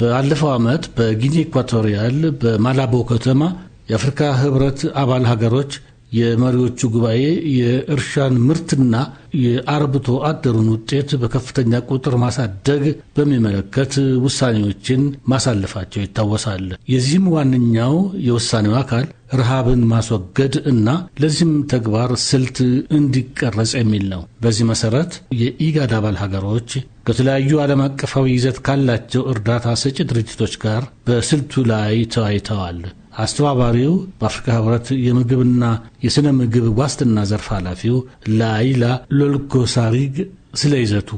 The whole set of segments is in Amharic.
በአለፈው ዓመት በጊኒ ኢኳቶሪያል በማላቦ ከተማ የአፍሪካ ህብረት አባል ሀገሮች የመሪዎቹ ጉባኤ የእርሻን ምርትና የአርብቶ አደሩን ውጤት በከፍተኛ ቁጥር ማሳደግ በሚመለከት ውሳኔዎችን ማሳለፋቸው ይታወሳል። የዚህም ዋነኛው የውሳኔው አካል ረሃብን ማስወገድ እና ለዚህም ተግባር ስልት እንዲቀረጽ የሚል ነው። በዚህ መሰረት የኢጋድ አባል ሀገሮች ከተለያዩ ዓለም አቀፋዊ ይዘት ካላቸው እርዳታ ሰጪ ድርጅቶች ጋር በስልቱ ላይ ተወያይተዋል። አስተባባሪው በአፍሪካ ህብረት የምግብና የሥነ ምግብ ዋስትና ዘርፍ ኃላፊው ላይላ ሎልጎሳሪግ ስለ ይዘቱ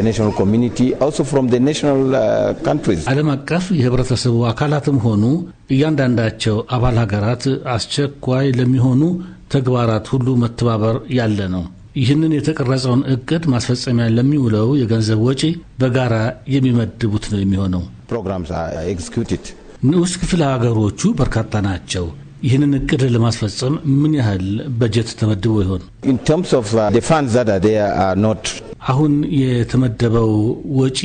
Uh, ዓለም አቀፍ የህብረተሰቡ አካላትም ሆኑ እያንዳንዳቸው አባል ሀገራት አስቸኳይ ለሚሆኑ ተግባራት ሁሉ መተባበር ያለ ነው። ይህንን የተቀረጸውን እቅድ ማስፈጸሚያ ለሚውለው የገንዘብ ወጪ በጋራ የሚመድቡት ነው የሚሆነው። ንዑስ ክፍለ ሀገሮቹ በርካታ ናቸው። ይህንን እቅድ ለማስፈጸም ምን ያህል በጀት ተመድቦ ይሆን? አሁን የተመደበው ወጪ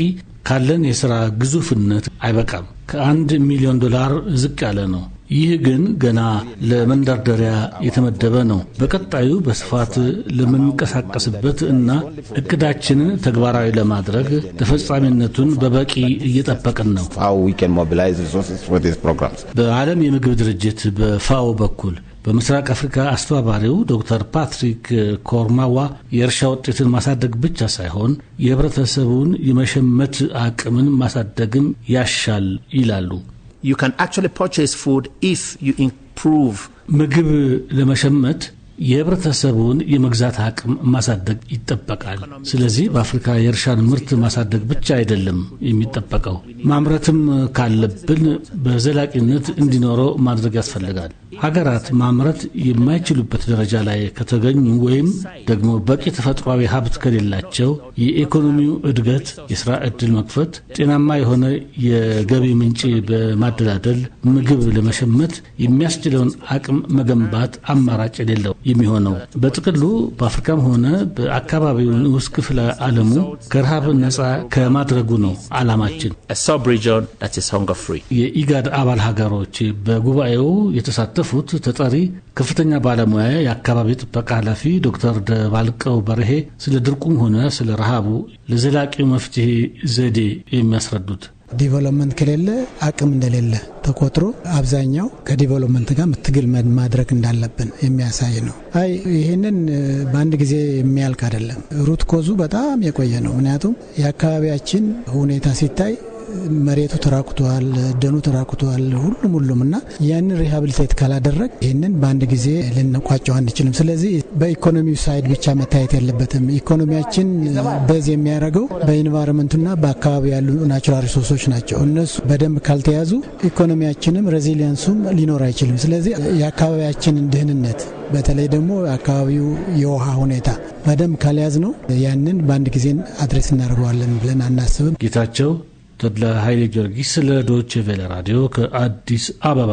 ካለን የስራ ግዙፍነት አይበቃም። ከአንድ ሚሊዮን ዶላር ዝቅ ያለ ነው። ይህ ግን ገና ለመንደርደሪያ የተመደበ ነው። በቀጣዩ በስፋት ለምንቀሳቀስበት እና እቅዳችንን ተግባራዊ ለማድረግ ተፈጻሚነቱን በበቂ እየጠበቅን ነው። በዓለም የምግብ ድርጅት በፋኦ በኩል በምስራቅ አፍሪካ አስተባባሪው ዶክተር ፓትሪክ ኮርማዋ የእርሻ ውጤትን ማሳደግ ብቻ ሳይሆን የህብረተሰቡን የመሸመት አቅምን ማሳደግም ያሻል ይላሉ። ምግብ ለመሸመት የህብረተሰቡን የመግዛት አቅም ማሳደግ ይጠበቃል። ስለዚህ በአፍሪካ የእርሻን ምርት ማሳደግ ብቻ አይደለም የሚጠበቀው፣ ማምረትም ካለብን በዘላቂነት እንዲኖረው ማድረግ ያስፈልጋል። ሀገራት ማምረት የማይችሉበት ደረጃ ላይ ከተገኙ ወይም ደግሞ በቂ ተፈጥሯዊ ሀብት ከሌላቸው የኢኮኖሚው እድገት፣ የስራ ዕድል መክፈት፣ ጤናማ የሆነ የገቢ ምንጭ በማደላደል ምግብ ለመሸመት የሚያስችለውን አቅም መገንባት አማራጭ የሌለው የሚሆነው በጥቅሉ በአፍሪካም ሆነ በአካባቢው ንዑስ ክፍለ ዓለሙ ከረሃብ ነፃ ከማድረጉ ነው ዓላማችን። የኢጋድ አባል ሀገሮች በጉባኤው የተሳ የተሳተፉት ተጠሪ ከፍተኛ ባለሙያ የአካባቢ ጥበቃ ኃላፊ ዶክተር ደባልቀው በርሄ ስለ ድርቁም ሆነ ስለ ረሃቡ ለዘላቂው መፍትሄ ዘዴ የሚያስረዱት ዲቨሎፕመንት ከሌለ አቅም እንደሌለ ተቆጥሮ አብዛኛው ከዲቨሎፕመንት ጋር ምትግል ማድረግ እንዳለብን የሚያሳይ ነው። አይ ይህንን በአንድ ጊዜ የሚያልቅ አይደለም። ሩት ኮዙ በጣም የቆየ ነው። ምክንያቱም የአካባቢያችን ሁኔታ ሲታይ መሬቱ ተራኩተዋል፣ ደኑ ተራኩተዋል፣ ሁሉም ሁሉም እና ያንን ሪሃብሊቴት ካላደረግ ይህንን በአንድ ጊዜ ልንቋጨው አንችልም። ስለዚህ በኢኮኖሚው ሳይድ ብቻ መታየት የለበትም። ኢኮኖሚያችን በዝ የሚያደርገው በኢንቫይሮንመንቱና በአካባቢ ያሉ ናቹራል ሪሶርሶች ናቸው። እነሱ በደንብ ካልተያዙ ኢኮኖሚያችንም ሬዚሊየንሱም ሊኖር አይችልም። ስለዚህ የአካባቢያችንን ድህንነት በተለይ ደግሞ አካባቢው የውሃ ሁኔታ በደንብ ካልያዝ ነው ያንን በአንድ ጊዜን አድሬስ እናደርገዋለን ብለን አናስብም። ጌታቸው ተድላ ሀይሌ ጊዮርጊስ ለዶች ቬለ ራዲዮ ከአዲስ አበባ